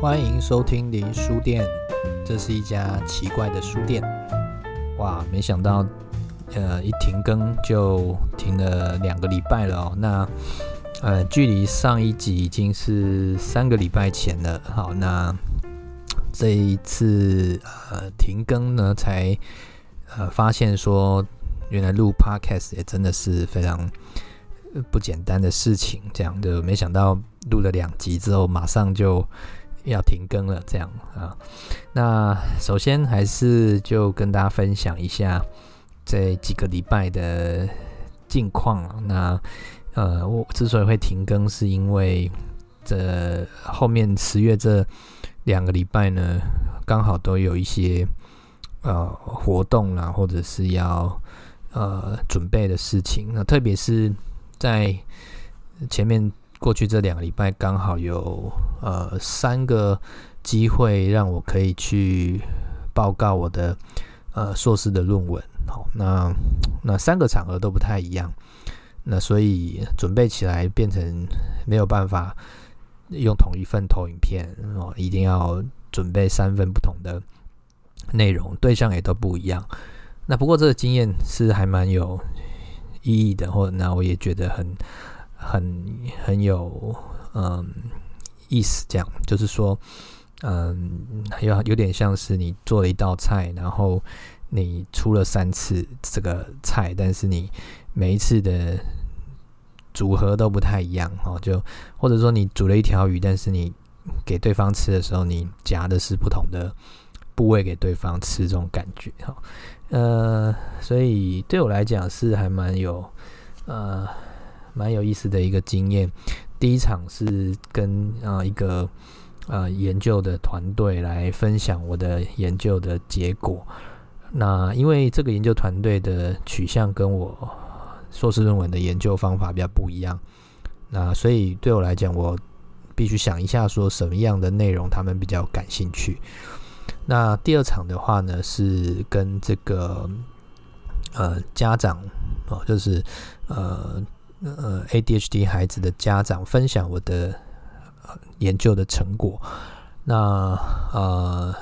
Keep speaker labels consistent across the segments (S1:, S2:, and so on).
S1: 歡迎收聽《林書店》，這是一家奇怪的書店。哇，沒想到，呃，一停更就停了兩個禮拜了哦。那，呃，距離上一集已經是三個禮拜前了。好，那這一次呃停更呢，才呃發現說，原來錄 Podcast 也真的是非常不簡單的事情。這樣就沒想到，錄了兩集之後，馬上就要停更了，這樣啊？那首先還是就跟大家分享一下這幾個禮拜的近況。那呃，我之所以會停更，是因為這後面十月這兩個禮拜呢，剛好都有一些呃活動啦，或者是要呃準備的事情。那特別是在前面。過去這兩個禮拜剛好有呃三個機會讓我可以去報告我的呃碩士的論文，哦、那那三個場合都不太一樣，那所以準備起來變成沒有辦法用同一份投影片哦，一定要準備三份不同的內容，對象也都不一樣。那不過這個經驗是還蠻有意義的，或那我也覺得很。很很有嗯意思，這樣就是說，嗯，有有點像是你做了一道菜，然後你出了三次這個菜，但是你每一次的組合都不太一樣哦。就或者說你煮了一條魚，但是你給對方吃的時候，你夾的是不同的部位給對方吃，這種感覺哦。呃，所以對我來講是還蠻有呃。蠻有意思的一個經驗。第一場是跟啊、呃、一個呃研究的團隊來分享我的研究的結果。那因為這個研究團隊的取向跟我碩士論文的研究方法比較不一樣，那所以對我來講，我必須想一下說什麼樣的內容他們比較感興趣。那第二場的話呢，是跟這個呃家長哦、呃，就是呃。呃，ADHD 孩子的家長分享我的、呃、研究的成果。那呃，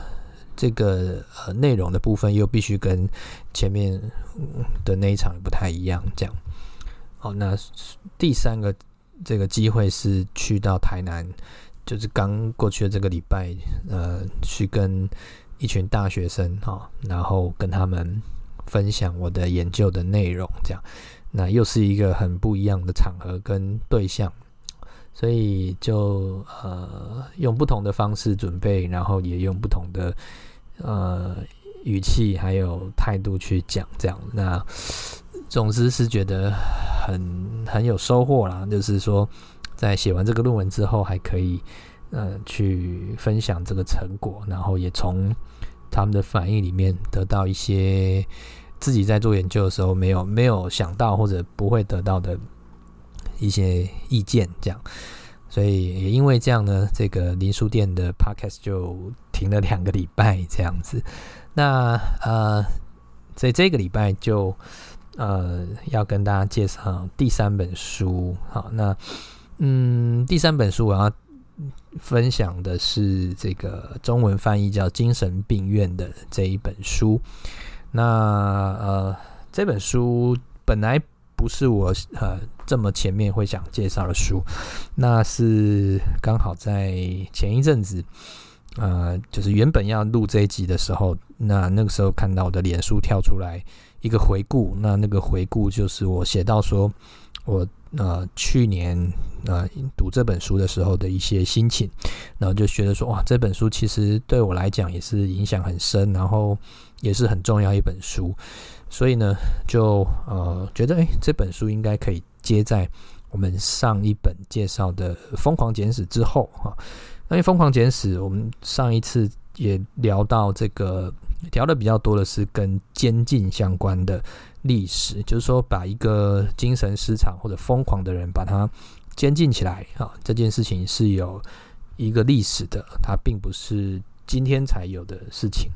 S1: 這個呃內容的部分又必須跟前面的那一場不太一樣。這樣，好、哦，那第三個這個機會是去到台南，就是剛過去的這個禮拜，呃，去跟一群大學生哈、哦，然後跟他們分享我的研究的內容，這樣。那又是一個很不一樣的場合跟對象，所以就呃用不同的方式準備，然後也用不同的呃語氣還有態度去講，這樣。那總之是覺得很很有收穫啦。就是說，在寫完這個論文之後，還可以呃去分享這個成果，然後也從他們的反應裡面得到一些。自己在做研究的時候，沒有沒有想到或者不會得到的一些意見，這樣，所以也因為這樣呢，這個林書店的 podcast 就停了兩個禮拜這樣子。那呃，在這個禮拜就呃要跟大家介紹第三本書。好，那嗯，第三本書我要分享的是這個中文翻譯叫《精神病院》的這一本書。那呃，這本書本來不是我呃這麼前面會想介紹的書，那是剛好在前一陣子，呃，就是原本要錄這一集的時候，那那個時候看到我的臉書跳出來一個回顧，那那個回顧就是我寫到說我呃去年呃讀這本書的時候的一些心情，然後就覺得說哇，這本書其實對我來講也是影響很深，然後。也是很重要一本書，所以呢，就呃覺得，誒、欸，這本書應該可以接在我們上一本介紹的《瘋狂簡史》之後哈，那因為《瘋狂簡史》，我們上一次也聊到這個，聊得比較多的是跟監禁相關的歷史，就是說，把一個精神失常或者瘋狂的人把他監禁起來啊，這件事情是有一個歷史的，它並不是今天才有的事情。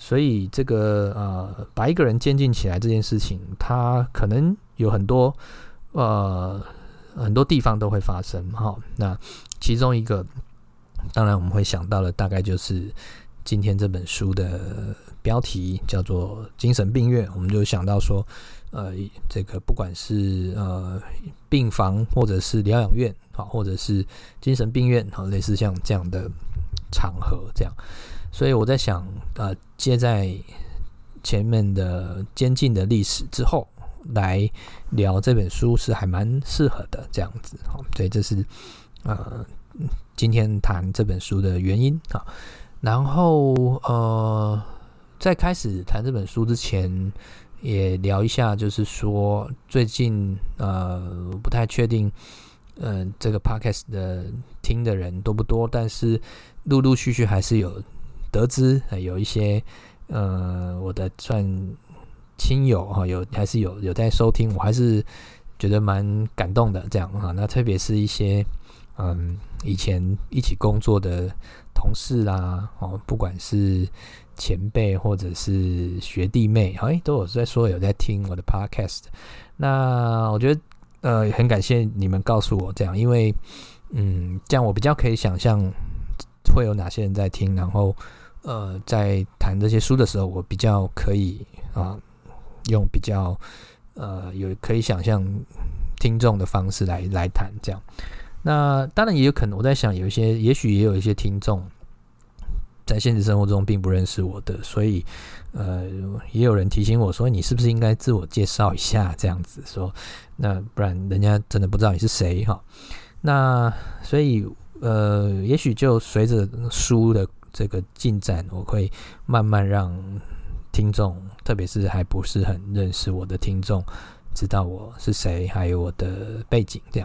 S1: 所以，這個呃，把一個人監禁起來這件事情，它可能有很多呃很多地方都會發生哈。那其中一個，當然我們會想到的，大概就是今天這本書的標題叫做《精神病院》，我們就想到說，呃，這個不管是呃病房，或者是療養院，或者是精神病院，好，類似像這樣的場合這樣。所以我在想，呃，接在前面的監禁的歷史之後來聊這本書是還蠻適合的這樣子，所以這是呃今天談這本書的原因，然後呃，在開始談這本書之前，也聊一下，就是說最近呃不太確定，嗯、呃，這個 podcast 的聽的人多不多，但是陸陸續續還是有。得知有一些呃，我的算親友哈、喔，有還是有有在收聽，我還是覺得蠻感動的。這樣啊、喔，那特別是一些嗯，以前一起工作的同事啊，哦、喔，不管是前輩或者是學弟妹，哎、喔欸，都有在說有在聽我的 Podcast。那我覺得呃，很感謝你們告訴我這樣，因為嗯，這樣我比較可以想象會有哪些人在聽，然後。呃，在談這些書的時候，我比較可以啊，用比較呃有可以想象聽眾的方式來來談這樣。那當然也有可能，我在想，有一些也許也有一些聽眾在現實生活中並不認識我的，所以呃，也有人提醒我說，你是不是應該自我介紹一下？這樣子說，那不然人家真的不知道你是誰哈。那所以呃，也許就隨着書的。這個進展，我會慢慢讓聽眾，特別是還不是很認識我的聽眾，知道我是誰，還有我的背景。這樣，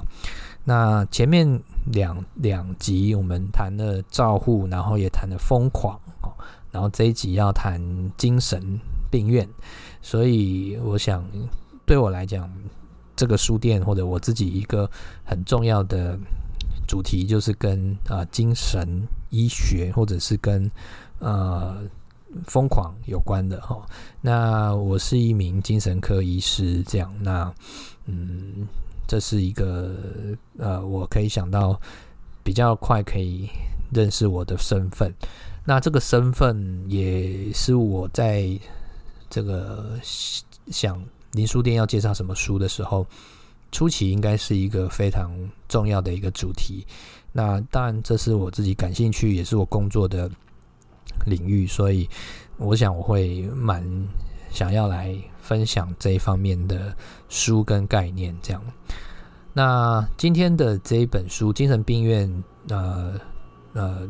S1: 那前面兩兩集我們談了照護，然後也談了瘋狂，然後這一集要談精神病院，所以我想對我來講，這個書店或者我自己一個很重要的主題，就是跟啊、呃、精神。醫學，或者是跟呃瘋狂有關的哦，那我是一名精神科醫師，這樣。那嗯，這是一個呃，我可以想到比較快可以認識我的身份。那這個身份也是我在這個想林書店要介紹什麼書的時候，初期應該是一個非常重要的一個主題。那當然，這是我自己感興趣，也是我工作的領域，所以我想我會蠻想要來分享這一方面的書跟概念。這樣，那今天的這一本書《精神病院》呃，呃呃，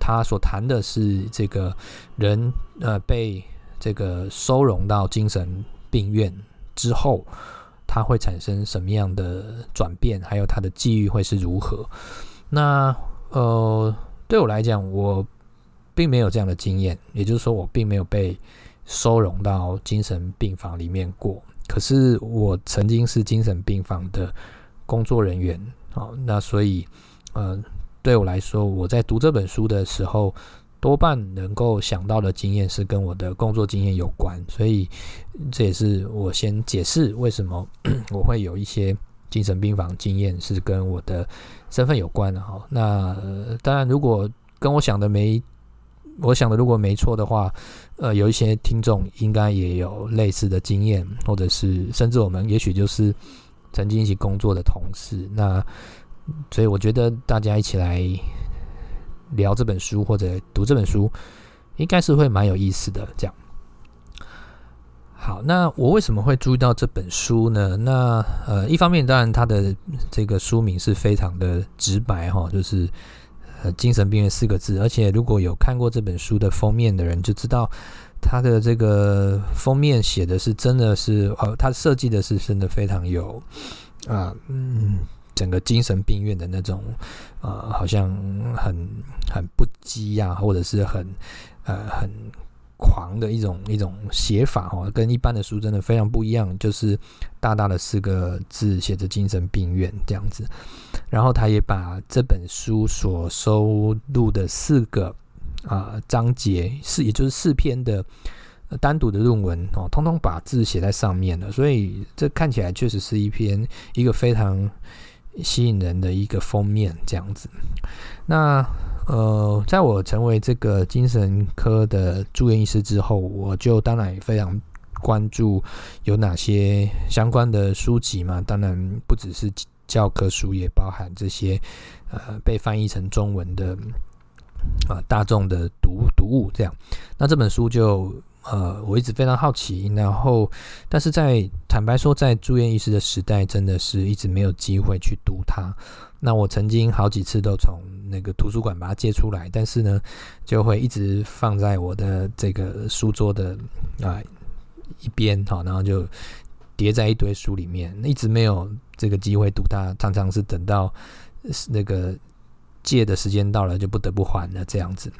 S1: 他所談的是這個人呃被這個收容到精神病院之後，他會產生什麼樣的轉變，還有他的際遇會是如何。那呃，對我來講，我並沒有這樣的經驗，也就是說，我並沒有被收容到精神病房裡面過。可是我曾經是精神病房的工作人員哦。那所以呃，對我來說，我在讀這本書的時候，多半能夠想到的經驗是跟我的工作經驗有關，所以這也是我先解釋為什麼 我會有一些。精神病房經驗是跟我的身份有關的哈。那當然，如果跟我想的沒我想的如果沒錯的話，呃，有一些聽眾應該也有類似的經驗，或者是甚至我們也許就是曾經一起工作的同事。那所以我覺得大家一起來聊這本書或者讀這本書，應該是會蠻有意思的這樣。好，那我為什麼會注意到這本書呢？那呃，一方面當然他的這個書名是非常的直白哈、哦，就是呃精神病院四個字，而且如果有看過這本書的封面的人就知道，他的這個封面寫的是真的是，呃，他設計的是真的非常有啊、呃，嗯，整個精神病院的那種啊、呃，好像很很不羈啊，或者是很呃很。狂的一種一種寫法哈、哦，跟一般的書真的非常不一樣，就是大大的四個字寫着“精神病院”這樣子。然後他也把這本書所收錄的四個啊、呃、章節，是也就是四篇的、呃、單獨的論文哦，通通把字寫在上面了。所以這看起來確實是一篇一個非常吸引人的一個封面這樣子。那。呃，在我成為這個精神科的住院醫師之後，我就當然也非常關注有哪些相關的書籍嘛。當然，不只是教科書，也包含這些呃被翻譯成中文的啊、呃、大眾的讀讀物這樣。那這本書就呃我一直非常好奇，然後，但是在坦白說，在住院醫師的時代，真的是一直沒有機會去讀它。那我曾經好幾次都從那個圖書館把它借出來，但是呢，就會一直放在我的這個書桌的啊、呃、一邊，好，然後就疊在一堆書裡面，一直沒有這個機會讀它。常常是等到那個借的時間到了，就不得不還了這樣子。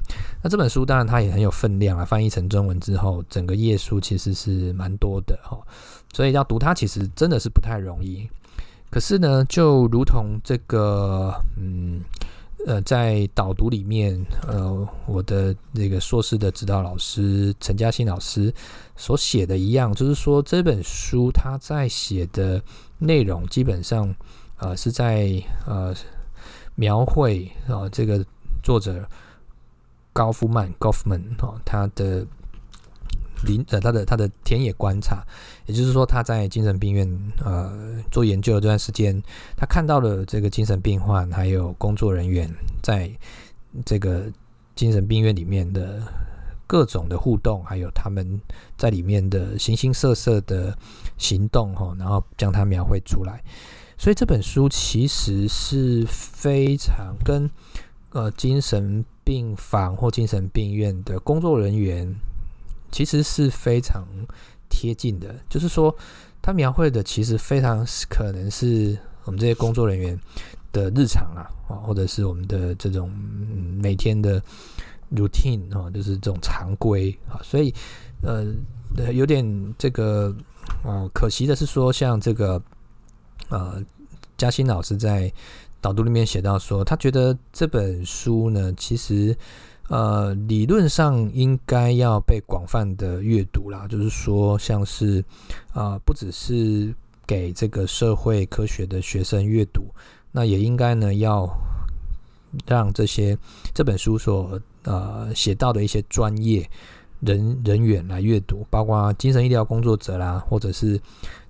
S1: 那這本書當然它也很有分量啊，翻譯成中文之後，整個頁數其實是蠻多的哈，所以要讀它其實真的是不太容易。可是呢，就如同這個嗯、呃，在導讀裡面，呃，我的這個碩士的指導老師陳嘉欣老師所寫的一樣，就是說這本書他在寫的內容基本上呃是在呃描繪啊、哦、這個作者高夫曼高夫曼哦他的。林呃，他的他的田野觀察，也就是說，他在精神病院呃做研究的這段時間，他看到了這個精神病患還有工作人員在這個精神病院裡面的各種的互動，還有他們在裡面的形形色色的行動哈，然後將它描繪出來。所以這本書其實是非常跟呃精神病房或精神病院的工作人員，其實是非常貼近的，就是說，他描繪的其實非常可能是我們這些工作人員的日常啊，啊，或者是我們的這種每天的 routine 啊，就是這種常規啊，所以呃，有點這個哦，可惜的是說，像這個呃，嘉興老師在導讀裡面寫到說，他覺得這本書呢，其實。呃，理論上應該要被廣泛的閱讀啦，就是說，像是啊，呃，不只是給這個社會科學的學生閱讀，那也應該呢要讓這些這本書所呃寫到的一些專業人人員來閱讀，包括精神醫療工作者啦，或者是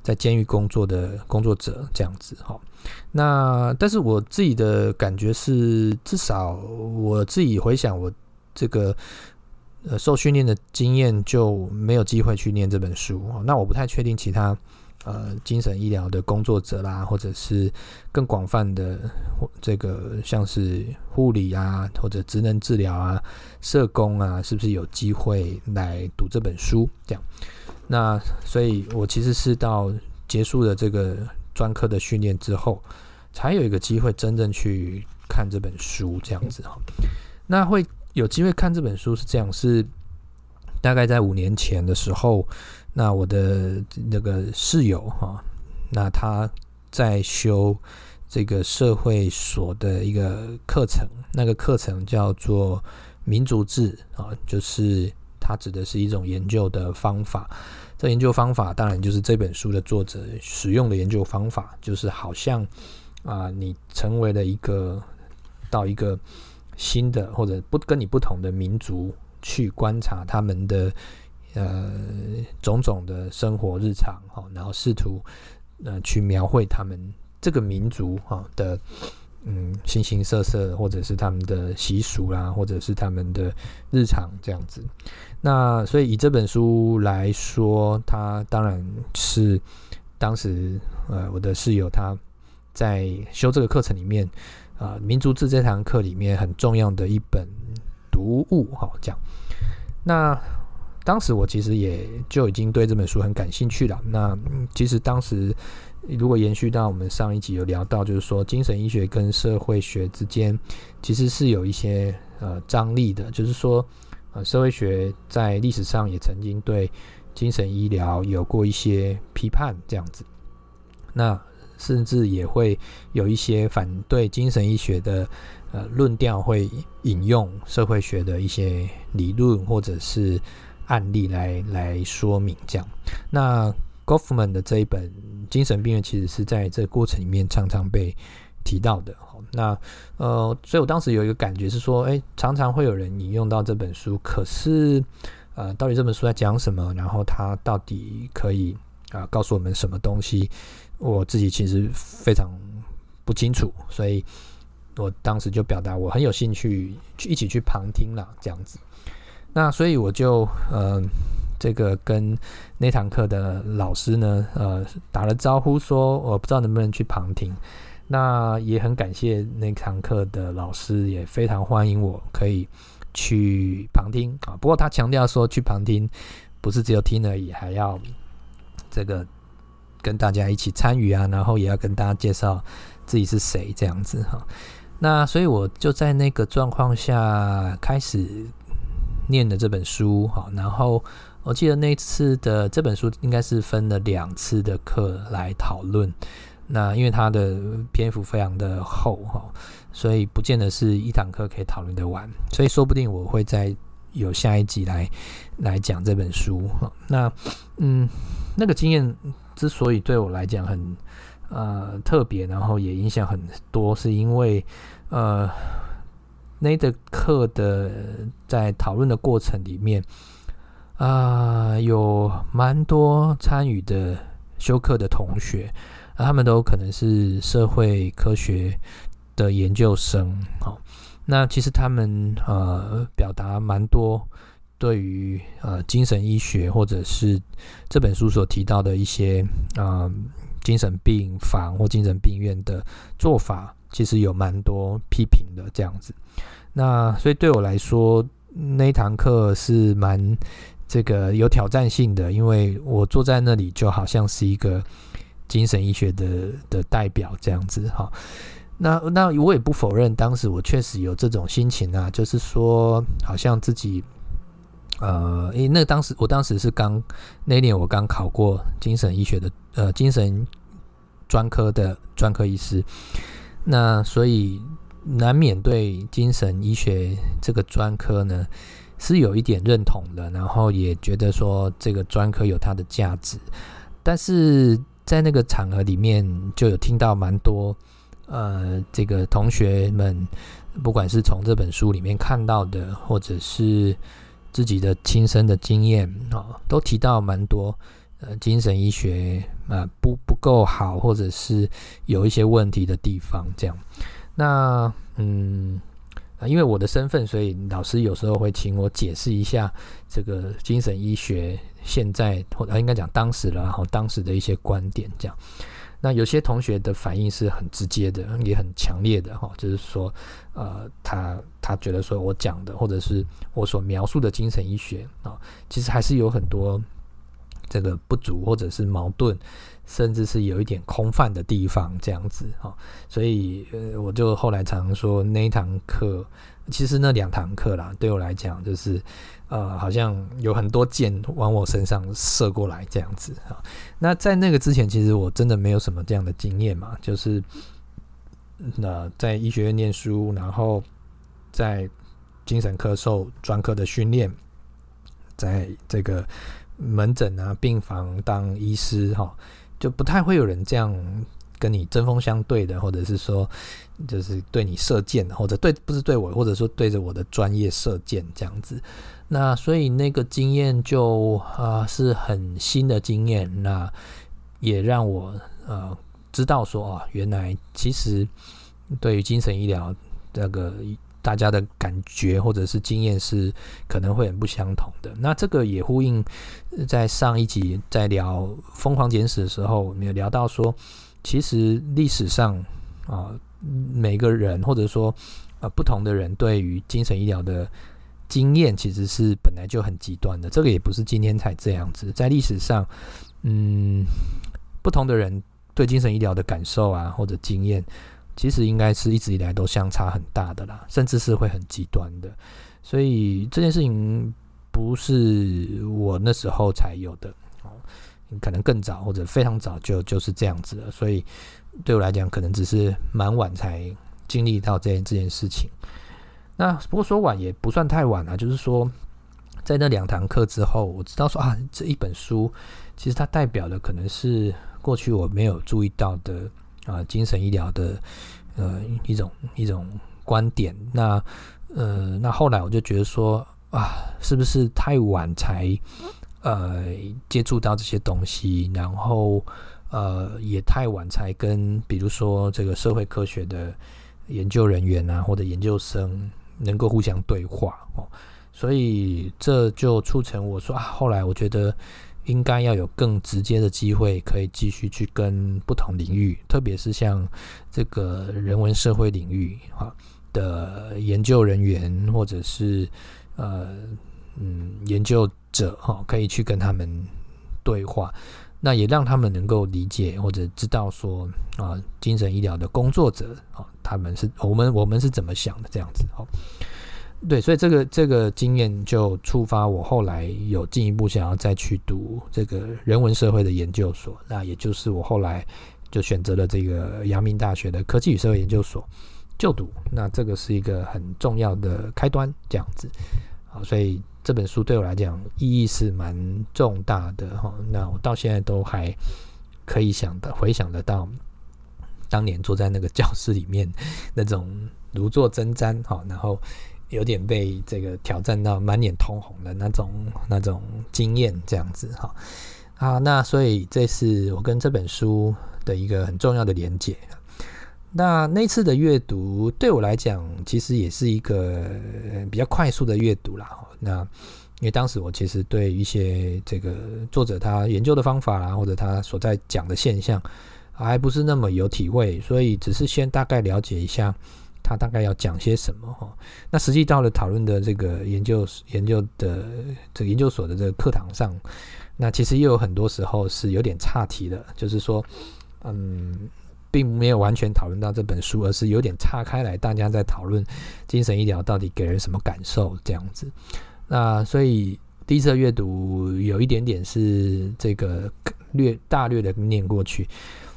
S1: 在監獄工作的工作者這樣子。那但是我自己的感覺是，至少我自己回想我。這個呃，受訓練的經驗就沒有機會去念這本書。那我不太確定其他呃，精神醫療的工作者啦，或者是更廣泛的這個，像是護理啊，或者職能治療啊、社工啊，是不是有機會來讀這本書？這樣。那所以我其實是到結束了這個專科的訓練之後，才有一個機會真正去看這本書，這樣子。那會。有機會看這本書是這樣，是大概在五年前的時候，那我的那個室友哈、啊，那他在修這個社會所的一個課程，那個課程叫做民族志啊，就是它指的是一種研究的方法。這個、研究方法當然就是這本書的作者使用的研究方法，就是好像啊，你成為了一個到一個。新的或者不跟你不同的民族去觀察他們的呃種種的生活日常，然後試圖呃去描繪他們這個民族啊的嗯形形色色，或者是他們的習俗啦、啊，或者是他們的日常這樣子。那所以以這本書來說，它當然是當時呃我的室友他在修這個課程裡面。啊、呃，民族誌這堂課裡面很重要的一本讀物，哈、哦，講。那當時我其實也就已經對這本書很感興趣了。那、嗯、其實當時如果延續到我們上一集有聊到，就是說精神醫學跟社會學之間其實是有一些呃張力的，就是說呃社會學在歷史上也曾經對精神醫療有過一些批判這樣子。那甚至也會有一些反對精神醫學的呃論調，會引用社會學的一些理論或者是案例來來說明這樣。那 Goffman 的這一本《精神病院》其實是在這個過程裡面常常被提到的。那呃，所以我當時有一個感覺是說，誒、欸，常常會有人引用到這本書，可是呃，到底這本書在講什麼？然後它到底可以啊、呃、告訴我們什麼東西？我自己其實非常不清楚，所以我當時就表達我很有興趣去一起去旁聽了這樣子。那所以我就嗯、呃、這個跟那堂課的老師呢呃打了招呼，說我不知道能不能去旁聽。那也很感謝那堂課的老師，也非常歡迎我可以去旁聽啊。不過他強調說，去旁聽不是只有聽而已，還要這個。跟大家一起參與啊，然後也要跟大家介紹自己是誰這樣子哈。那所以我就在那個狀況下開始念的這本書哈。然後我記得那次的這本書應該是分了兩次的課來討論。那因為它的篇幅非常的厚哈，所以不見得是一堂課可以討論得完。所以說不定我會再有下一集來來講這本書哈。那嗯，那個經驗，之所以對我來講很呃特別，然後也影響很多，是因為呃那的、個、課的在討論的過程裡面啊、呃，有蠻多參與的修課的同學、啊，他們都可能是社會科學的研究生哦。那其實他們呃表達蠻多。對於呃精神醫學，或者是這本書所提到的一些呃精神病房或精神病院的做法，其實有蠻多批評的這樣子。那所以對我來說，那一堂課是蠻這個有挑戰性的，因為我坐在那裡就好像是一個精神醫學的的代表這樣子。哈，那那我也不否認，當時我確實有這種心情啊，就是說好像自己。呃，因為、欸、那當時我當時是剛那一年我剛考過精神醫學的呃精神專科的專科醫師，那所以難免對精神醫學這個專科呢是有一點認同的，然後也覺得說這個專科有它的價值，但是在那個場合裡面就有聽到蠻多呃這個同學們不管是從這本書裡面看到的或者是。自己的親身的經驗啊，都提到蠻多，呃，精神醫學啊，呃，不不夠好，或者是有一些問題的地方，這樣。那嗯，因為我的身份，所以老師有時候會請我解釋一下這個精神醫學現在，或應該講當時，然後當時的一些觀點這樣。那有些同學的反應是很直接的，也很強烈的哈，就是說，呃，他他覺得說我講的，或者是我所描述的精神醫學啊，其實還是有很多這個不足，或者是矛盾，甚至是有一點空泛的地方，這樣子哈。所以，呃，我就後來常常說那一堂課，其實那兩堂課啦，對我來講就是。呃，好像有很多箭往我身上射過來這樣子哈。那在那個之前，其實我真的沒有什麼這樣的經驗嘛。就是那、嗯呃、在醫學院念書，然後在精神科受專科的訓練，在這個門診啊、病房當醫師哈、哦，就不太會有人這樣跟你針鋒相對的，或者是說就是對你射箭，或者對不是對我，或者說對着我的專業射箭這樣子。那所以那個經驗就啊、呃、是很新的經驗，那也讓我呃知道說啊，原來其實對於精神醫療這個大家的感覺或者是經驗是可能會很不相同的。那這個也呼應在上一集在聊《瘋狂簡史》的時候，我們有聊到說，其實歷史上啊、呃、每個人或者說啊、呃、不同的人對於精神醫療的經驗其實是本來就很極端的，這個也不是今天才這樣子。在歷史上，嗯，不同的人對精神醫療的感受啊，或者經驗，其實應該是一直以來都相差很大的啦，甚至是會很極端的。所以這件事情不是我那時候才有的，可能更早或者非常早就就是這樣子了。所以對我來講，可能只是蠻晚才經歷到這件這件事情。那不過說晚也不算太晚了啊，就是說，在那兩堂課之後，我知道說啊，這一本書其實它代表的可能是過去我沒有注意到的啊，精神醫療的呃一種一種觀點。那呃，那後來我就覺得說啊，是不是太晚才呃接觸到這些東西，然後呃也太晚才跟比如說這個社會科學的研究人員啊或者研究生，能夠互相對話哦，所以這就促成我說啊，後來我覺得應該要有更直接的機會，可以繼續去跟不同領域，特別是像這個人文社會領域哈的研究人員或者是呃嗯研究者哈，可以去跟他們對話。那也讓他們能夠理解或者知道說啊，精神醫療的工作者啊，他們是我們我們是怎麼想的這樣子哦。對，所以這個這個經驗就觸發我後來有進一步想要再去讀這個人文社會的研究所。那也就是我後來就選擇了這個陽明大學的科技與社會研究所就讀。那這個是一個很重要的開端，這樣子。好，所以。這本書對我來講意義是蠻重大的哈，那我到現在都還可以想的回想得到，當年坐在那個教室裡面那種如坐針氈哈，然後有點被這個挑戰到滿臉通紅的那種那種經驗這樣子哈啊，那所以這是我跟這本書的一個很重要的連結。那那次的閱讀對我來講，其實也是一個比較快速的閱讀啦。那因為當時我其實對一些這個作者他研究的方法啦，或者他所在講的現象，還不是那麼有體會，所以只是先大概了解一下他大概要講些什麼哈。那實際到了討論的這個研究研究的這個研究所的這個課堂上，那其實也有很多時候是有點岔題的，就是說，嗯。並沒有完全討論到這本書，而是有點岔開來，大家在討論精神醫療到底給人什麼感受這樣子。那所以第一次的閱讀有一點點是這個略大略的念過去。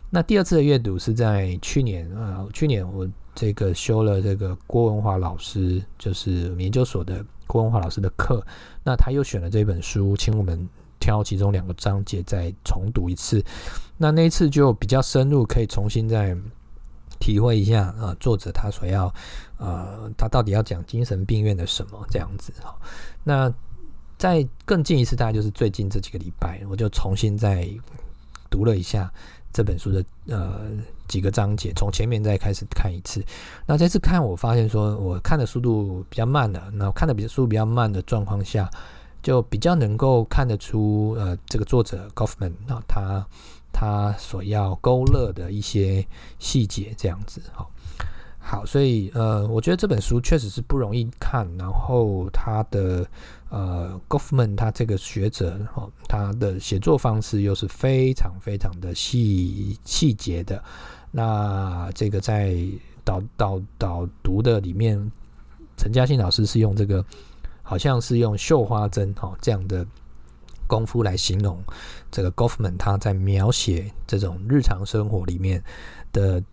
S1: 那第二次的閱讀是在去年啊，去年我這個修了這個郭文華老師，就是研究所的郭文華老師的課，那他又選了這本書《請我們，挑其中兩個章節再重讀一次，那那一次就比較深入，可以重新再體會一下啊、呃，作者他所要呃，他到底要講精神病院的什麼這樣子哈。那再更近一次，大概就是最近這幾個禮拜，我就重新再讀了一下這本書的呃幾個章節，從前面再開始看一次。那這次看，我發現說我看的速度比較慢了，那我看的比較速度比較慢的狀況下。就比較能夠看得出，呃，這個作者 Goffman，那、哦、他他所要勾勒的一些細節這樣子哈、哦。好，所以呃，我覺得這本書確實是不容易看。然後他的呃 Goffman 他這個學者哦，他的寫作方式又是非常非常的細細節的。那這個在導導導，導讀的裡面，陳嘉新老師是用這個。好像是用繡花針，哦，這樣的功夫來形容這個 Goffman 他在描寫這種日常生活裡面的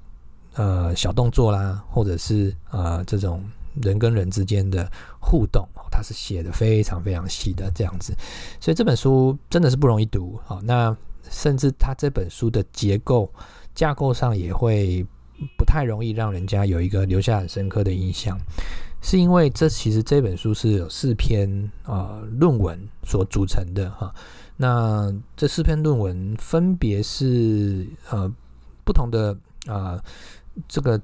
S1: 呃小動作啦，或者是呃這種人跟人之間的互動，哦，他是寫的非常非常細的這樣子，所以這本書真的是不容易讀，哦，那甚至他這本書的結構架構上也會不太容易讓人家有一個留下很深刻的印象。是因為這其實這本書是有四篇啊論文所組成的哈，那這四篇論文分別是呃不同的啊這個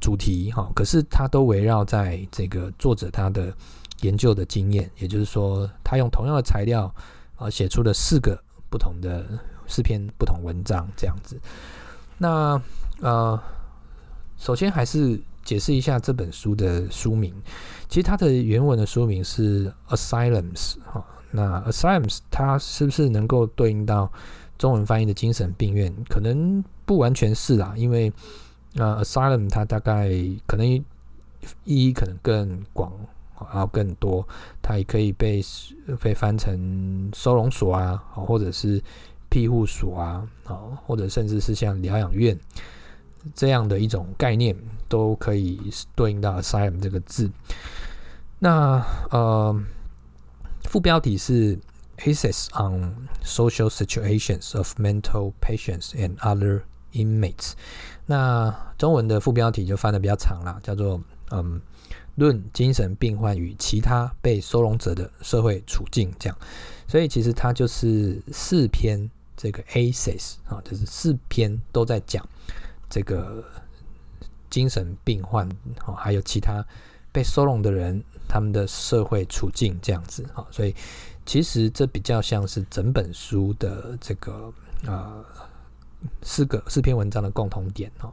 S1: 主題哈，可是它都圍繞在這個作者他的研究的經驗，也就是說他用同樣的材料啊寫出了四個不同的四篇不同文章這樣子，那呃首先還是。解釋一下這本書的書名。其實它的原文的書名是 “Asylums”。哈，那 “Asylums” 它是不是能夠對應到中文翻譯的精神病院？可能不完全是啦，啊，因為啊，“asylum” 它大概可能意義可能更廣，啊，更多。它也可以被被翻成收容所啊，或者是庇護所啊，啊，或者甚至是像療養院這樣的一種概念。都可以對應到 asylum 這個字。那呃、嗯、副標題是 Essays on Social Situations of Mental Patients and Other Inmates。那中文的副標題就翻得比較長了，叫做，嗯，論精神病患與其他被收容者的社會處境這樣。所以其實它就是四篇這個 Essays 啊，就是四篇都在講這個。精神病患，還有其他被收容的人，他們的社會處境這樣子哈，所以其實這比較像是整本書的這個呃四個四篇文章的共同點哈，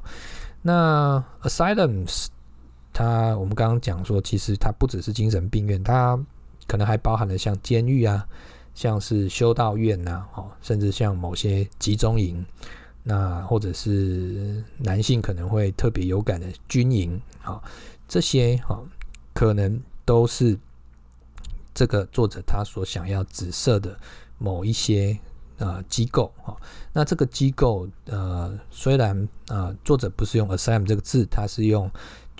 S1: 那 asylums，它我們剛剛講說，其實它不只是精神病院，它可能還包含了像監獄啊，像是修道院吶，啊，甚至像某些集中營。那或者是男性可能會特別有感的軍營，好，這些哈可能都是這個作者他所想要指涉的某一些呃機構哈。那這個機構呃雖然啊作者不是用 assign 這個字，他是用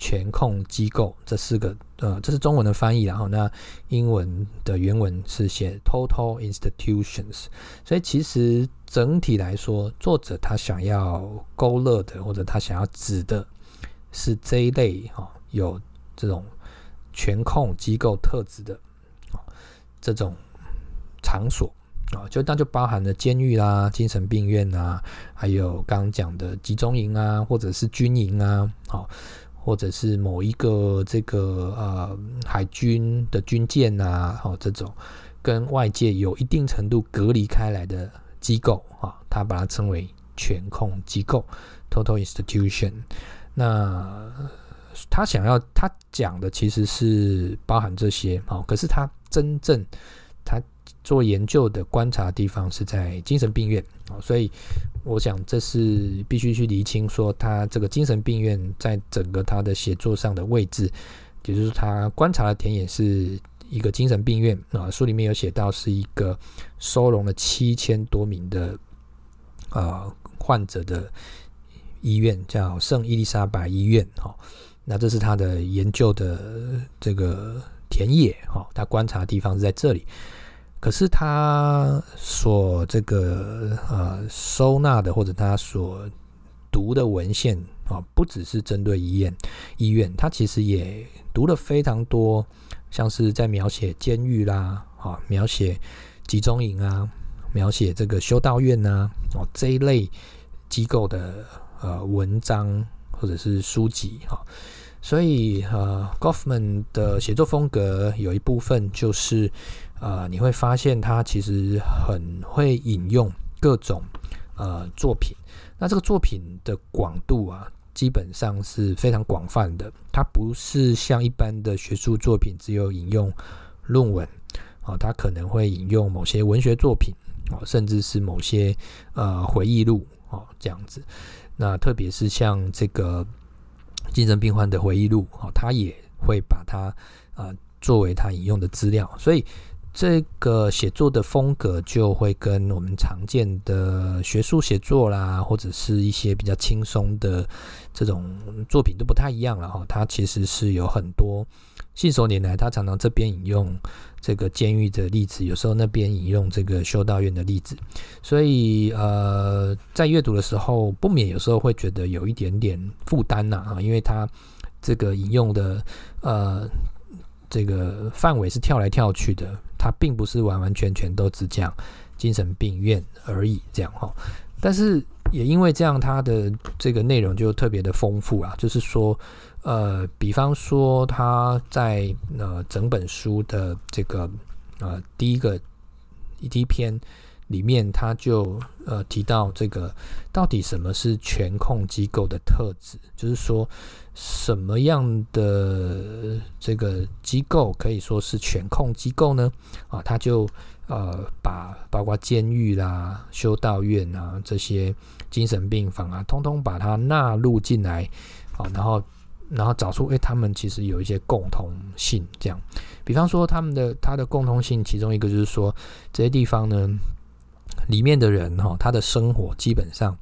S1: 全控機構，這四個呃，這是中文的翻譯。然後呢，英文的原文是寫 “total institutions”，所以其實整體來說，作者他想要勾勒的，或者他想要指的，是這一類哈、哦，有這種全控機構特質的、哦、這種場所啊、哦，就當就包含了監獄啦、啊、精神病院啊，還有剛剛講的集中營啊，或者是軍營啊，好、哦。或者是某一個這個呃海軍的軍艦吶、啊，哦，這種跟外界有一定程度隔離開來的機構啊，他、哦、把它稱為全控機構 （Total Institution）。那他想要，他講的其實是包含這些哈、哦，可是他真正。他做研究的觀察的地方是在精神病院，所以我想這是必須去釐清，說他這個精神病院在整個他的寫作上的位置，也就是他觀察的田野是一個精神病院啊，書裡面有寫到是一個收容了七千多名的呃患者的醫院，叫聖伊麗莎白醫院，哈，那這是他的研究的這個田野，哈，他觀察的地方是在這裡。可是他所這個呃收納的或者他所讀的文獻啊、哦，不只是針對醫院醫院，他其實也讀了非常多，像是在描寫監獄啦，啊、哦，描寫集中營啊，描寫這個修道院啊，哦，這一類機構的呃文章或者是書籍哈、哦，所以呃，Goffman 的寫作風格有一部分就是。啊、呃，你會發現他其實很會引用各種呃作品。那這個作品的廣度啊，基本上是非常廣泛的。它不是像一般的學術作品只有引用論文啊，它、哦、可能會引用某些文學作品、哦、甚至是某些呃回憶錄哦，這樣子。那特別是像這個精神病患的回憶錄啊、哦，他也會把它啊、呃、作為他引用的資料，所以。這個寫作的風格就會跟我們常見的學術寫作啦，或者是一些比較輕鬆的這種作品都不太一樣了哈。它其實是有很多信手拈來，他常常這邊引用這個監獄的例子，有時候那邊引用這個修道院的例子，所以呃，在閱讀的時候不免有時候會覺得有一點點負擔吶，啊，因為他這個引用的呃這個範圍是跳來跳去的。它並不是完完全全都只講精神病院而已，這樣哈。但是也因為這樣，它的這個內容就特別的豐富啊。就是說，呃，比方說他，它在呃整本書的這個呃第一個第一篇。裡面他就呃提到這個到底什麼是全控機構的特質，就是說什麼樣的這個機構可以說是全控機構呢？啊，他就呃把包括監獄啦、修道院啊這些精神病房啊，通通把它納入進來啊，然後然後找出誒、欸，他們其實有一些共同性，這樣，比方說他們的他的共同性，其中一個就是說這些地方呢，裡面的人哈，他的生活基本上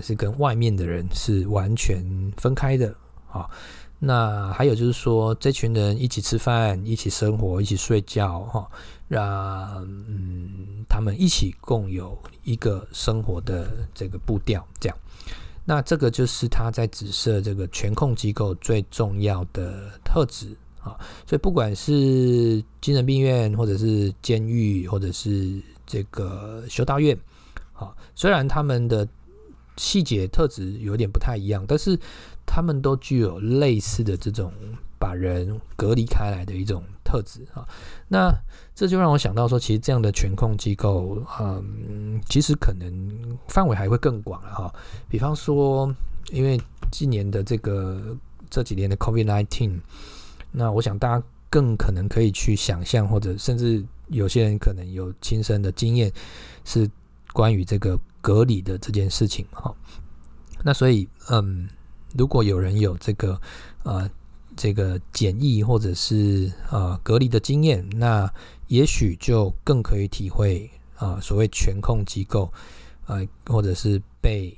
S1: 是跟外面的人是完全分開的哈，那還有就是說，這群人一起吃飯、一起生活、一起睡覺哈，讓嗯他們一起共有一個生活的這個步調，這樣。那這個就是他在指涉這個全控機構最重要的特質啊。所以不管是精神病院，或者是監獄，或者是。這個修道院，啊，雖然他們的細節特質有點不太一樣，但是他們都具有類似的這種把人隔離開來的一種特質啊。那這就讓我想到說，其實這樣的全控機構，嗯，其實可能範圍還會更廣了哈。比方說，因為今年的這個這幾年的 COVID-19，那我想大家更可能可以去想象，或者甚至。有些人可能有親身的經驗，是關於這個隔離的這件事情哈，那所以，嗯，如果有人有這個呃這個檢疫或者是呃隔離的經驗，那也許就更可以體會啊、呃、所謂全控機構呃或者是被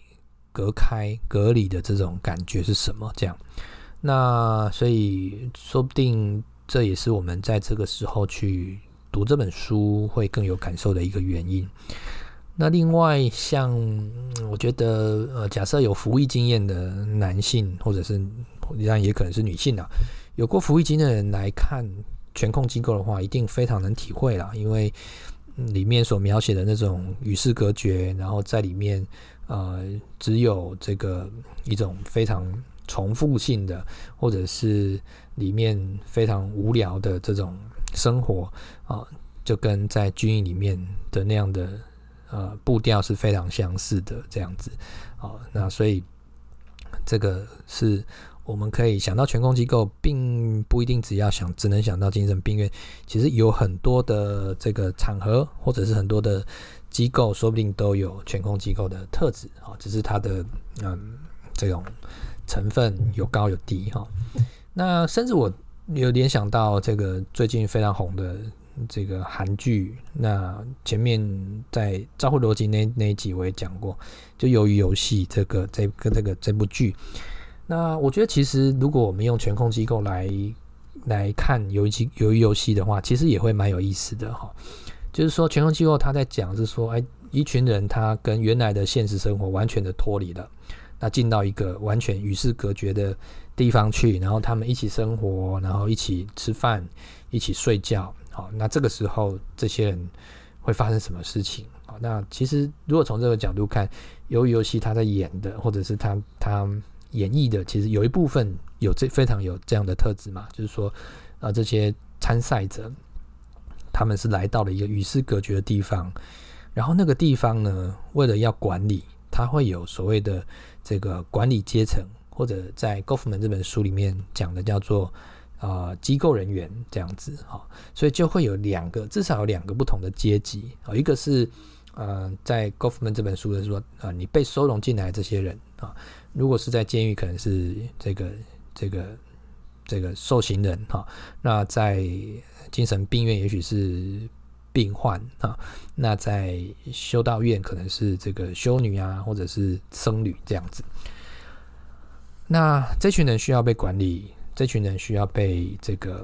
S1: 隔開隔離的這種感覺是什麼？這樣，那所以說不定這也是我們在這個時候去讀這本書會更有感受的一個原因。那另外，像我覺得，呃，假設有服役經驗的男性，或者是當然也可能是女性啦，有過服役經驗的人來看全控機構的話，一定非常能體會啦，因為，嗯，裡面所描寫的那種與世隔絕，然後在裡面，呃，只有這個一種非常重複性的，或者是裡面非常無聊的這種生活。啊、哦，就跟在軍營裡面的那樣的呃、步調是非常相似的，這樣子啊、哦，那所以這個是我們可以想到全控、全控機構並不一定只要想、只能想到精神病院，其實有很多的這個場合，或者是很多的機構，說不定都有全控機構的特質啊、哦，只是它的嗯，這種成分有高有低哈、哦。那甚至我有聯想到這個最近非常紅的。這個韓劇，那前面在《招呼邏輯》那那一集我也講過，就魷魚遊戲這個這跟這個、這個、這部劇，那我覺得其實如果我們用全控機構來來看《魷魚遊遊戲》遊戲遊戲的話，其實也會蠻有意思的哈、哦。就是說，全控機構他在講是說，哎，一群人他跟原來的現實生活完全的脫離了，那進到一個完全與世隔絕的地方去，然後他們一起生活，然後一起吃飯，一起睡覺。好，那這個時候這些人會發生什麼事情？好，那其實如果從這個角度看，魷魚遊戲他在演的，或者是他他演繹的，其實有一部分有這非常有這樣的特質嘛，就是說，啊、呃，這些參賽者他們是來到了一個與世隔絕的地方，然後那個地方呢，為了要管理，他會有所謂的這個管理階層，或者在高夫曼這本書裡面講的叫做。啊、呃，機構人員這樣子哈，所以就會有兩個，至少有兩個不同的階級啊。一個是，呃，在《Goffman》這本書的說啊、呃，你被收容進來的這些人啊、呃，如果是在監獄，可能是這個這個這個受刑人哈、呃；那在精神病院，也許是病患啊、呃；那在修道院，可能是這個修女啊，或者是僧侶這樣子。那這群人需要被管理。這群人需要被這個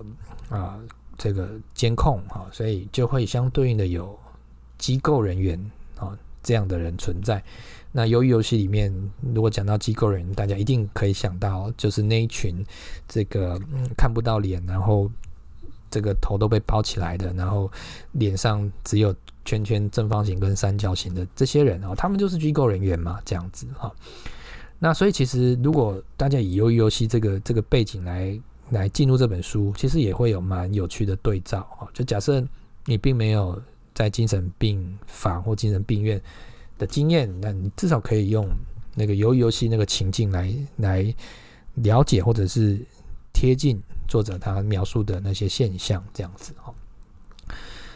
S1: 啊、呃，這個監控哈、哦，所以就會相對應的有機構人員啊、哦、這樣的人存在。那魷魚遊戲裡面，如果講到機構人，大家一定可以想到，就是那一群這個、嗯、看不到臉，然後這個頭都被包起來的，然後臉上只有圈圈、正方形跟三角形的這些人啊、哦，他們就是機構人員嘛，這樣子哈。哦那所以，其實如果大家以魷魚遊戲這個這個背景來來進入這本書，其實也會有蠻有趣的對照。就假設你並沒有在精神病房或精神病院的經驗，那你至少可以用那個魷魚遊戲那個情境來來了解或者是貼近作者他描述的那些現象這樣子啊。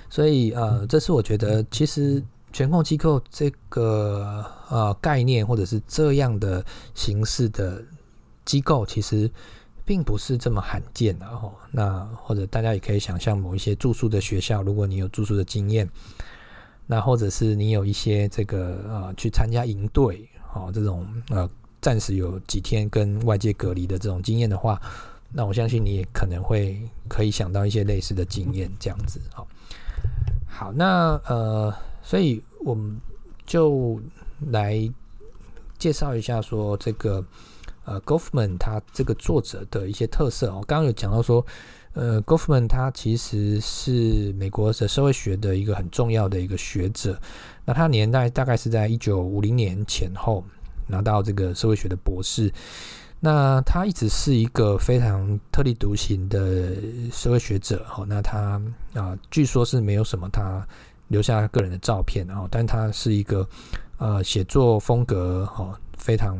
S1: 所以呃，這是我覺得其實。全控機構這個呃概念，或者是這樣的形式的機構，其實並不是這麼罕見的、啊、哦。那或者大家也可以想象某一些住宿的學校，如果你有住宿的經驗，那或者是你有一些這個呃去參加營隊，哦，這種呃暫時有幾天跟外界隔離的這種經驗的話，那我相信你也可能會可以想到一些類似的經驗這樣子啊、哦。好，那呃，所以。我們就來介紹一下，說這個呃，Goffman 他這個作者的一些特色。我剛剛有講到說，呃，Goffman 他其實是美國的社會學的一個很重要的一個學者。那他年代大概是在一九五零年前後拿到這個社會學的博士。那他一直是一個非常特立獨行的社會學者。好，那他啊，據說是沒有什麼他。留下他個人的照片，然後，但他是一個，呃，寫作風格哈非常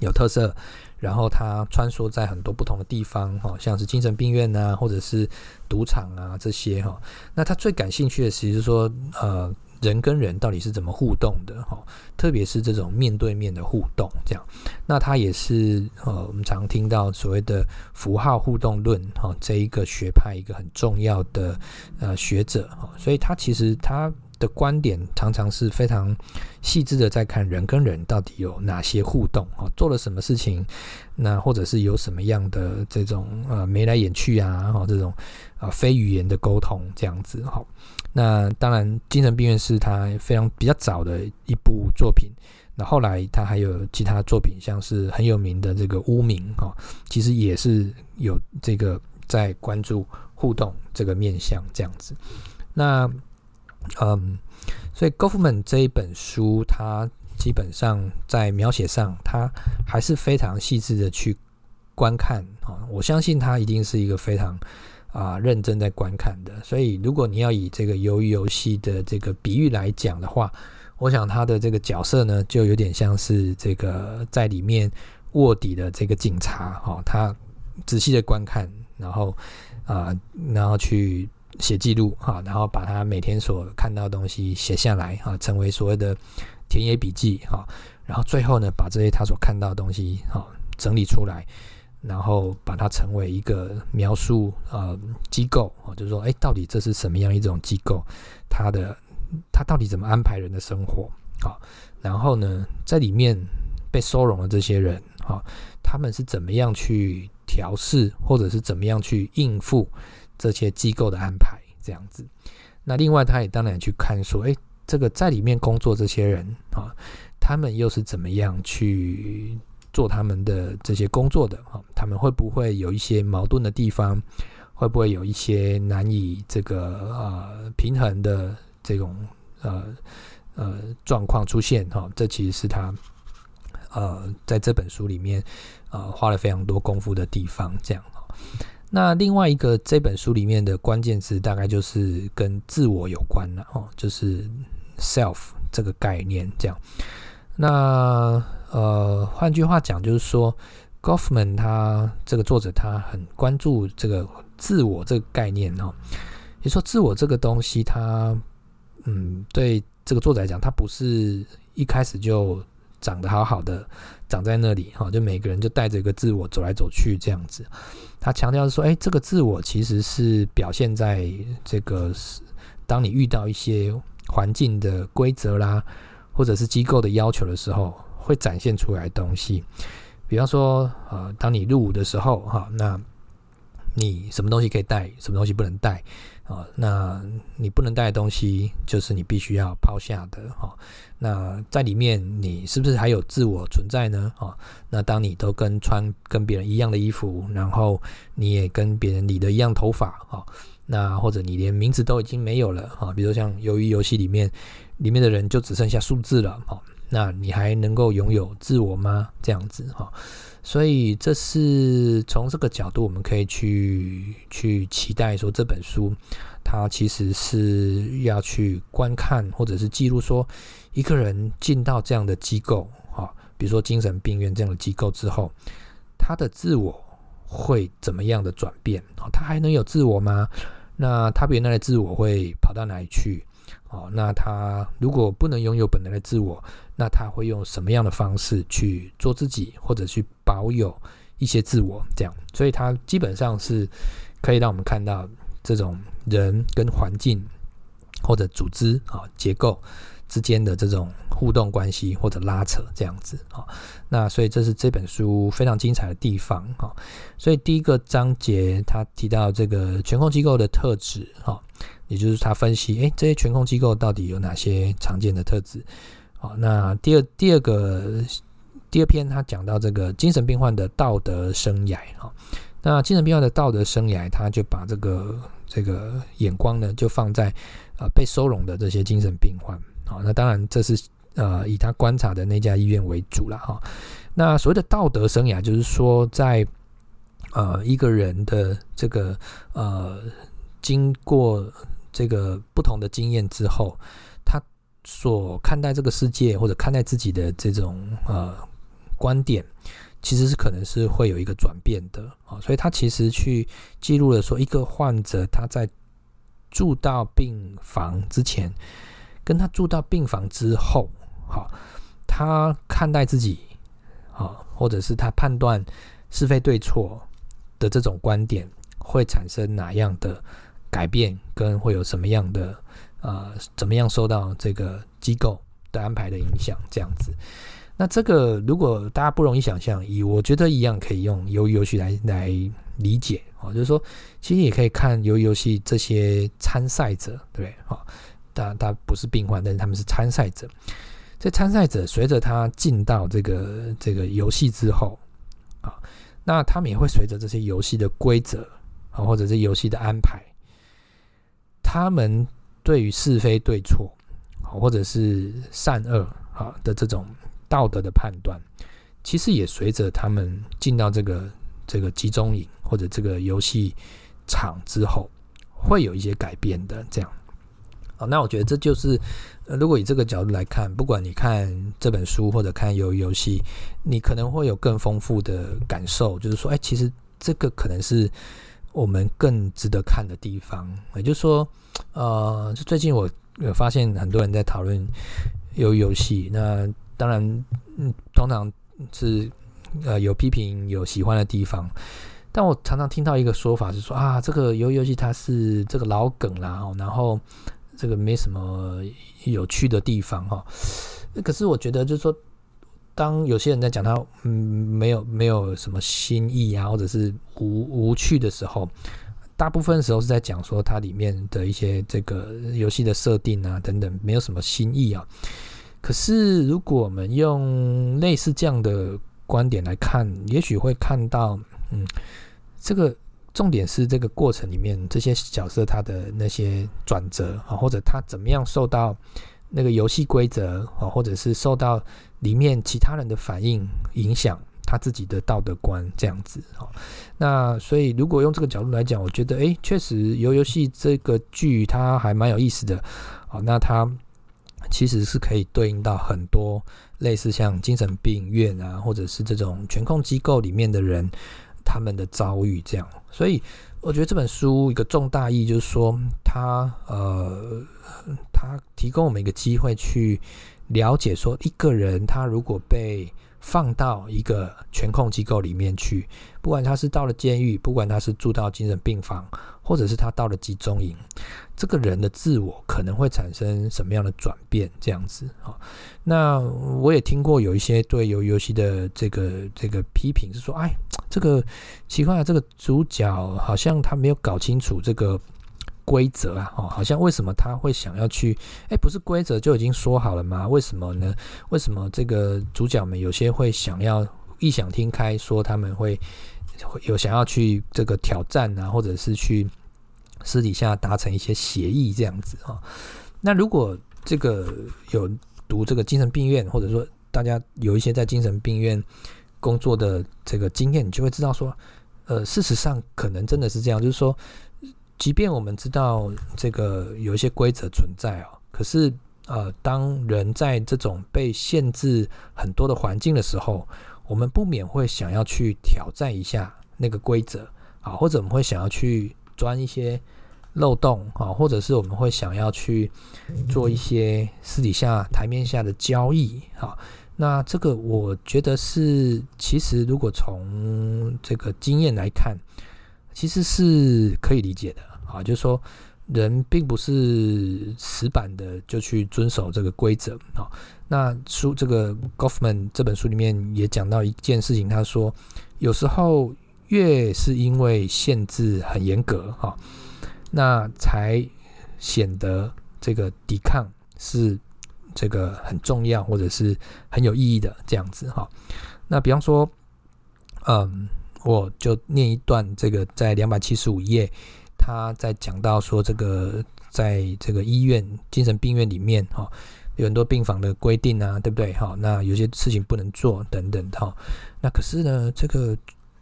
S1: 有特色，然後他穿梭在很多不同的地方哈，像是精神病院吶，或者是賭場啊這些哈，那他最感興趣的其實是說呃。人跟人到底是怎麼互動的？哈，特別是這種面對面的互動，這樣，那他也是呃、哦，我們常聽到所謂的符號互動論，哈、哦，這一個學派一個很重要的呃學者，哈，所以他其實他的觀點常常是非常細緻的，在看人跟人到底有哪些互動，哈、哦，做了什麼事情，那或者是有什麼樣的這種呃眉來眼去啊，哦、這種啊、呃、非語言的溝通這樣子，哈、哦。那當然，精神病院是他非常比較早的一部作品。那後來他還有其他作品，像是很有名的這個《污名》。哈，其實也是有這個在關注互動這個面向這樣子。那嗯，所以 Goffman 這一本書，它基本上在描寫上，它還是非常細緻的去觀看啊。我相信它一定是一個非常。啊，認真在觀看的，所以如果你要以這個魷魚遊戲的這個比喻來講的話，我想他的這個角色呢，就有點像是這個在裡面臥底的這個警察哈、哦，他仔細的觀看，然後啊，然後去寫記錄哈，然後把他每天所看到的東西寫下來哈、啊，成為所謂的田野筆記哈、啊，然後最後呢，把這些他所看到的東西哈、啊、整理出來。然後把它成為一個描述呃機構、哦，就是說，哎，到底這是什麼樣一種機構？它的它到底怎麼安排人的生活？啊、哦，然後呢，在裡面被收容的這些人啊、哦，他們是怎麼樣去調試，或者是怎麼樣去應付這些機構的安排？這樣子。那另外，他也當然也去看說，哎，這個在裡面工作這些人啊、哦，他們又是怎麼樣去？做他們的這些工作的啊，他們會不會有一些矛盾的地方？會不會有一些難以這個呃平衡的這種呃呃狀況出現？哈、喔，這其實是他呃在這本書裡面呃花了非常多功夫的地方。這樣，那另外一個這本書裡面的關鍵詞大概就是跟自我有關了，哦、喔，就是 self 這個概念。這樣，那。呃，換句話講，就是說，Goffman 他這個作者他很關注這個自我這個概念哦。也說自我這個東西他，他嗯，對這個作者來講，他不是一開始就長得好好的長在那裡哈，就每個人就帶着一個自我走來走去這樣子。他強調是說，哎、欸，這個自我其實是表現在這個，當你遇到一些環境的規則啦，或者是機構的要求的時候。會展現出來的東西，比方說，呃，當你入伍的時候，哈、啊，那你什麼東西可以帶，什麼東西不能帶，啊，那你不能帶的東西就是你必須要拋下的，哈、啊。那在裡面，你是不是還有自我存在呢？啊，那當你都跟穿跟別人一樣的衣服，然後你也跟別人理的一樣頭髮，啊，那或者你連名字都已經沒有了，啊，比如像《魷魚遊戲》裡面，裡面的人就只剩下數字了，啊。那你還能夠擁有自我嗎？這樣子哈，所以這是從這個角度，我們可以去去期待說，這本書它其實是要去觀看或者是記錄說，一個人進到這樣的機構哈，比如說精神病院這樣的機構之後，他的自我會怎麼樣的轉變？哦，他還能有自我嗎？那他原來的自我會跑到哪裡去？哦，那他如果不能擁有本來的自我，那他會用什麼樣的方式去做自己，或者去保有一些自我？這樣，所以他基本上是可以讓我們看到這種人跟環境或者組織啊結構之間的這種互動關係或者拉扯這樣子啊。那所以這是這本書非常精彩的地方哈，所以第一個章節他提到這個全控機構的特質啊，也就是他分析誒，這些全控機構到底有哪些常見的特質。好，那第二第二個第二篇，他講到這個精神病患的道德生涯哈。那精神病患的道德生涯，他就把這個這個眼光呢，就放在啊被收容的這些精神病患。好，那當然這是呃以他觀察的那家醫院為主了哈。那所謂的道德生涯，就是說在呃一個人的這個呃經過這個不同的經驗之後，他。所看待這個世界或者看待自己的這種呃觀點，其實是可能是會有一個轉變的啊。所以他其實去記錄了說，一個患者他在住到病房之前，跟他住到病房之後，好，他看待自己啊，或者是他判斷是非對錯的這種觀點會產生哪樣的改變，跟會有什麼樣的。啊、呃，怎麼樣受到這個機構的安排的影響？這樣子，那這個如果大家不容易想象，以我覺得一樣可以用魷魚遊戲來來理解，啊、哦。就是說，其實也可以看魷魚遊戲這些參賽者，對，好、哦，當然他不是病患，但是他們是參賽者，在參賽者隨着他進到這個這個遊戲之後，啊、哦，那他們也會隨着這些遊戲的規則啊、哦，或者是遊戲的安排，他們。對於是非對錯，或者是善惡啊的這種道德的判斷，其實也隨着他們進到這個這個集中營或者這個遊戲場之後，會有一些改變的。這樣，好，那我覺得這就是，如果以這個角度來看，不管你看這本書或者看遊遊戲，你可能會有更豐富的感受，就是說，哎，其實這個可能是。我們更值得看的地方，也就是說，呃，就最近我有發現很多人在討論魷魚遊戲，那當然，嗯，通常是呃有批評有喜歡的地方，但我常常聽到一個說法就是說啊，這個魷魚遊戲它是這個老梗啦，然後這個沒什麼有趣的地方哈，可是我覺得就是說。當有些人在講它，嗯，沒有沒有什麼新意啊，或者是無無趣的時候，大部分時候是在講說它裡面的一些這個遊戲的設定啊等等，沒有什麼新意啊。可是如果我們用類似這樣的觀點來看，也許會看到，嗯，這個重點是這個過程裡面這些角色他的那些轉折啊，或者他怎麼樣受到。那個遊戲規則啊，或者是受到裡面其他人的反應影響，他自己的道德觀這樣子啊。那所以如果用這個角度來講，我覺得哎，確實《魷魚遊戲》這個劇它還蠻有意思的，好，那它其實是可以對應到很多類似像精神病院啊，或者是這種全控機構裡面的人他們的遭遇這樣。所以。我覺得這本書一個重大意義就是說，它呃，它提供我們一個機會去了解說，一個人他如果被放到一個全控機構裡面去，不管他是到了監獄，不管他是住到精神病房。或者是他到了集中營，這個人的自我可能會產生什麼樣的轉變？這樣子啊，那我也聽過有一些對魷魚遊戲的這個這個批評是說，哎，這個奇怪，啊，這個主角好像他沒有搞清楚這個規則啊，哦，好像為什麼他會想要去？哎、欸，不是規則就已經說好了嗎？為什麼呢？為什麼這個主角們有些會想要異想天開，說他們會，有想要去這個挑戰啊，或者是去私底下達成一些協議這樣子啊。那如果這個有讀這個精神病院，或者說大家有一些在精神病院工作的這個經驗，你就會知道說，呃，事實上可能真的是這樣，就是說，即便我們知道這個有一些規則存在啊，可是呃，當人在這種被限制很多的環境的時候。我們不免會想要去挑戰一下那個規則啊，或者我們會想要去鑽一些漏洞啊，或者是我們會想要去做一些私底下、台面下的交易啊。那這個我覺得是，其實如果從這個經驗來看，其實是可以理解的啊，就是說人並不是死板的就去遵守這個規則啊。那書這個 Goffman 這本書裡面也講到一件事情，他說有時候越是因為限制很嚴格哈，那才顯得這個抵抗是這個很重要或者是很有意義的這樣子哈。那比方說，嗯，我就念一段這個在兩百七十五頁，他在講到說這個在這個醫院精神病院裡面哈。有很多病房的規定啊，對不對？好，那有些事情不能做等等哈。那可是呢，這個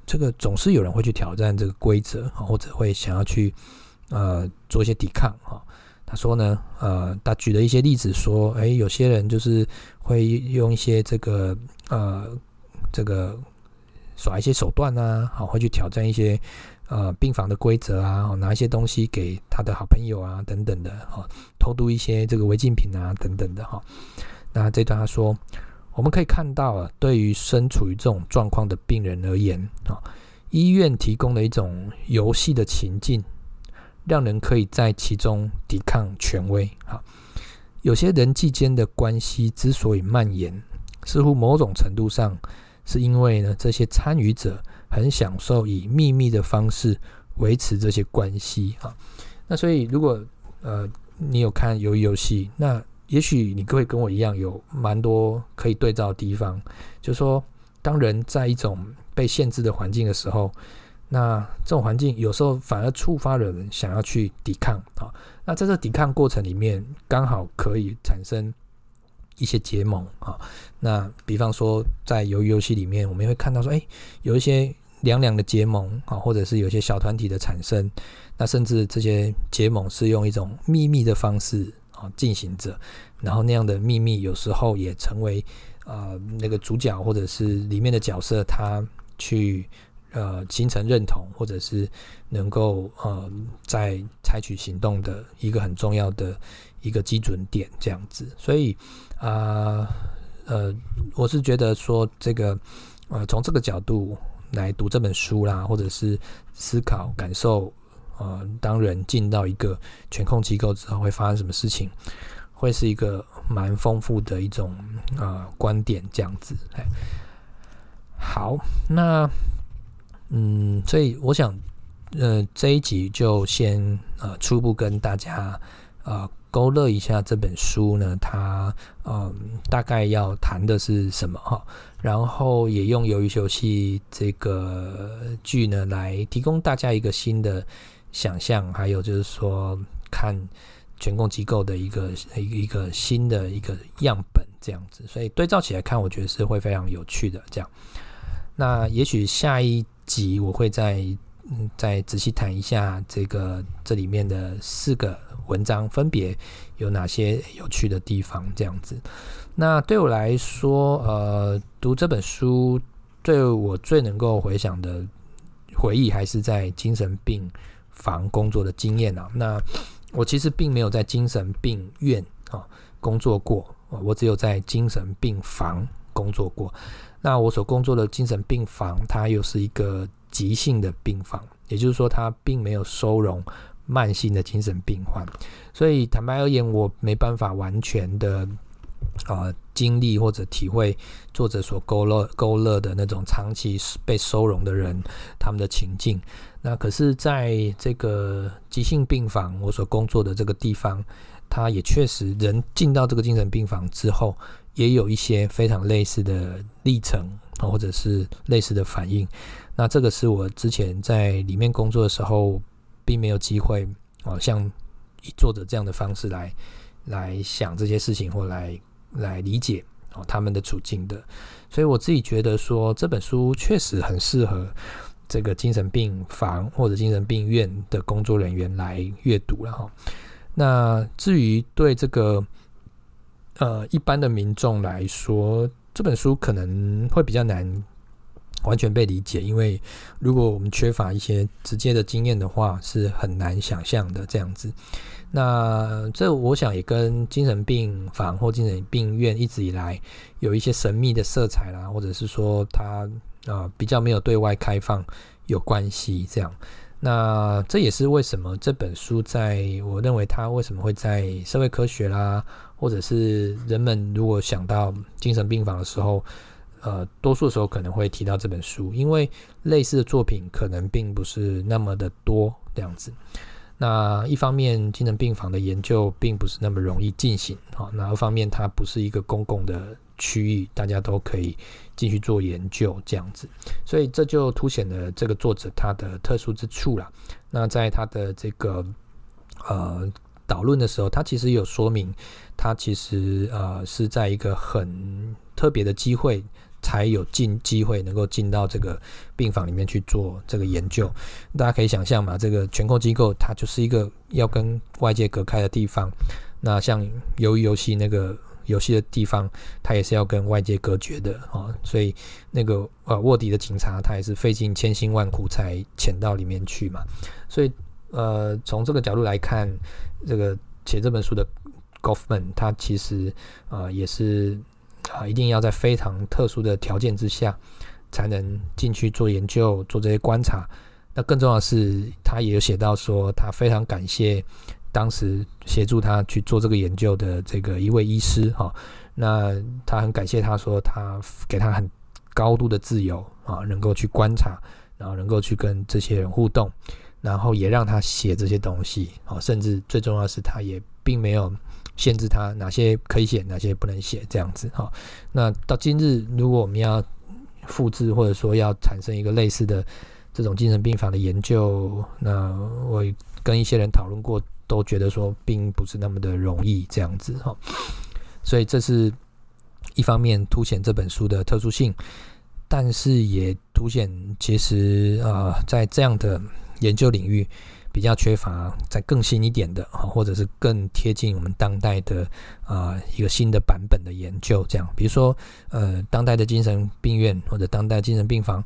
S1: 這個總是有人會去挑戰這個規則，或者會想要去呃做一些抵抗哈。他說呢，呃，他舉了一些例子說，哎、欸，有些人就是會用一些這個呃這個耍一些手段啊，好，會去挑戰一些。呃，病房的規則啊，拿一些東西給他的好朋友啊，等等的哈，偷渡一些這個違禁品啊，等等的哈。那這段他說，我們可以看到啊，對於身處於這種狀況的病人而言哈，醫院提供了一種遊戲的情境，讓人可以在其中抵抗權威。哈，有些人際間的關係之所以蔓延，似乎某種程度上是因為呢，這些參與者。很享受以祕密的方式維持這些關係啊。那所以，如果呃你有看魷魚遊戲，那也許你會跟我一樣有蠻多可以對照的地方。就是說，當人在一種被限制的環境的時候，那這種環境有時候反而觸發了人想要去抵抗啊。那在這抵抗過程裡面，剛好可以產生一些結盟啊。那比方說，在魷魚遊戲裡面，我們也會看到說，哎、欸，有一些。兩兩的結盟啊，或者是有些小團體的產生，那甚至這些結盟是用一種祕密的方式啊進行着，然後那樣的祕密有時候也成為啊、呃、那個主角或者是裡面的角色他去呃形成認同或者是能夠呃在採取行動的一個很重要的一個基準點，這樣子。所以啊呃，呃，我是覺得說這個呃從這個角度，來讀這本書啦，或者是思考、感受，呃，當人進到一個權控全控機構之後會發生什麼事情，會是一個蠻豐富的一種呃觀點這樣子。好，那嗯，所以我想，呃，這一集就先呃初步跟大家呃。勾勒一下這本書呢，它，嗯，大概要談的是什麼哈？然後也用《魷魚遊戲》這個劇呢，來提供大家一個新的想象，還有就是說看全控機構的一個一個一個新的一個樣本這樣子。所以對照起來看，我覺得是會非常有趣的。這樣，那也許下一集我會再。再仔細談一下這個這裡面的四個文章分別有哪些有趣的地方。這樣子，那對我來說，呃，讀這本書對我最能夠回想的回憶還是在精神病房工作的經驗啊。那我其實並沒有在精神病院啊工作過，我只有在精神病房工作過。那我所工作的精神病房，它又是一個。急性的病房，也就是說，他並沒有收容慢性的精神病患。所以坦白而言，我沒辦法完全的啊經歷或者體會作者所勾勒勾勒的那種長期被收容的人，他們的情境。那可是，在這個急性病房，我所工作的這個地方，他也確實，人進到這個精神病房之後，也有一些非常類似的歷程，或者是類似的反應。那這個是我之前在裡面工作的時候，並沒有機會哦，像以作者這樣的方式來來想這些事情，或來來理解哦他們的處境的。所以我自己覺得說，這本書確實很適合這個精神病房或者精神病院的工作人員來閱讀了哈。那至於對這個呃一般的民眾來說，這本書可能會比較難，完全被理解，因為如果我們缺乏一些直接的經驗的話，是很難想象的。這樣子，那這我想也跟精神病房或精神病院一直以來有一些神祕的色彩啦，或者是說它啊，呃，比較沒有對外開放有關係。這樣，那這也是為什麼這本書在我認為它為什麼會在社會科學啦，或者是人們如果想到精神病房的時候。呃，多數的時候可能會提到這本書，因為類似的作品可能並不是那麼的多這樣子。那一方面，精神病房的研究並不是那麼容易進行，哦、那二方面，它不是一個公共的區域，大家都可以進去做研究這樣子。所以這就凸顯了這個作者他的特殊之處了。那在他的這個呃導論的時候，他其實有說明，他其實呃是在一個很特別的機會。才有進機會能夠進到這個病房裡面去做這個研究，大家可以想象嘛，這個全控機構它就是一個要跟外界隔開的地方。那像魷魚遊戲那個遊戲的地方，它也是要跟外界隔絕的啊，所以那個呃臥底的警察他也是費盡千辛萬苦才潛到裡面去嘛。所以呃，從這個角度來看，這個寫這本書的 Goffman 它其實啊、呃、也是。啊，一定要在非常特殊的條件之下，才能進去做研究、做這些觀察。那更重要的是，他也有寫到說，他非常感謝當時協助他去做這個研究的這個一位醫師。哈，那他很感謝他說，他給他很高度的自由啊，能夠去觀察，然後能夠去跟這些人互動，然後也讓他寫這些東西。哦，甚至最重要的是，他也並沒有。限制它哪些可以寫，哪些不能寫，這樣子哈。那到今日，如果我們要複製或者說要產生一個類似的這種精神病房的研究，那我跟一些人討論過，都覺得說並不是那麼的容易這樣子哈。所以，這是一方面凸顯這本書的特殊性，但是也凸顯其實啊、呃，在這樣的研究領域。比較缺乏再更新一點的或者是更貼近我們當代的啊、呃、一個新的版本的研究，這樣，比如說呃，當代的精神病院或者當代的精神病房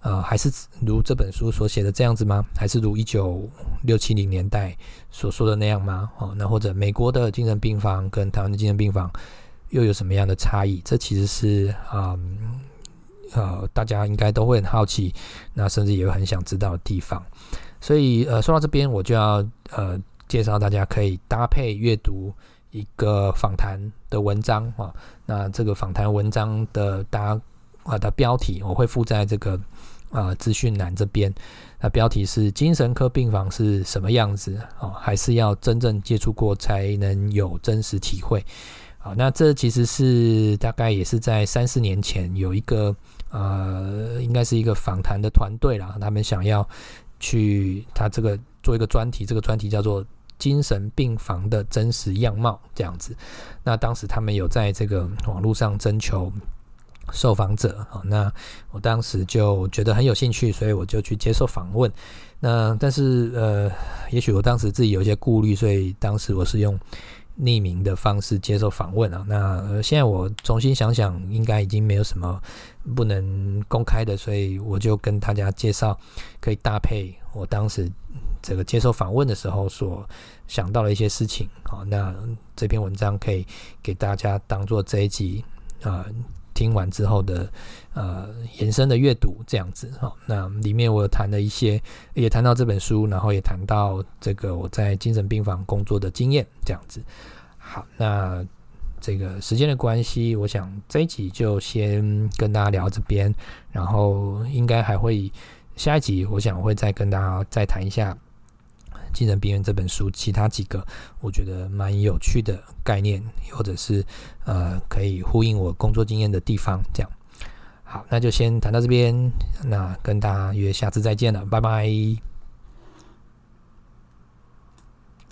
S1: 啊、呃，還是如這本書所寫的這樣子嗎？還是如一九六七零年代所說的那樣嗎？哦，那或者美國的精神病房跟台灣的精神病房又有什麼樣的差異？這其實是啊、嗯、呃大家應該都會很好奇，那甚至也會很想知道的地方。所以，呃，說到這邊，我就要呃介紹大家可以搭配閱讀一個訪談的文章哈，那這個訪談文章的搭的標題，我會附在這個啊資訊欄這邊。那標題是“精神科病房是什麼樣子”啊？還是要真正接觸過才能有真實體會。好，那這其實是大概也是在三四年前，有一個呃，應該是一個訪談的團隊啦，他們想要。去他這個做一個專題，這個專題叫做《精神病房的真實樣貌》這樣子。那當時他們有在這個網絡上徵求受訪者，那我當時就覺得很有興趣，所以我就去接受訪問。那但是呃，也許我當時自己有一些顧慮，所以當時我是用匿名的方式接受訪問啊。那現在我重新想想，應該已經沒有什麼。不能公開的，所以我就跟大家介紹可以搭配，我當時這個接受訪問的時候所想到的一些事情好，那這篇文章可以給大家當做這一集啊、呃、聽完之後的呃延伸的閱讀這樣子啊。那裡面我有談了一些，也談到這本書，然後也談到這個我在精神病房工作的經驗這樣子。好，那。這個時間的關係，我想這一集就先跟大家聊這邊，然後應該還會下一集，我想會再跟大家再談一下《精神病院》這本書，其他幾個我覺得蠻有趣的概念，或者是呃可以呼應我工作經驗的地方。這樣好，那就先談到這邊，那跟大家約下次再見了，拜拜。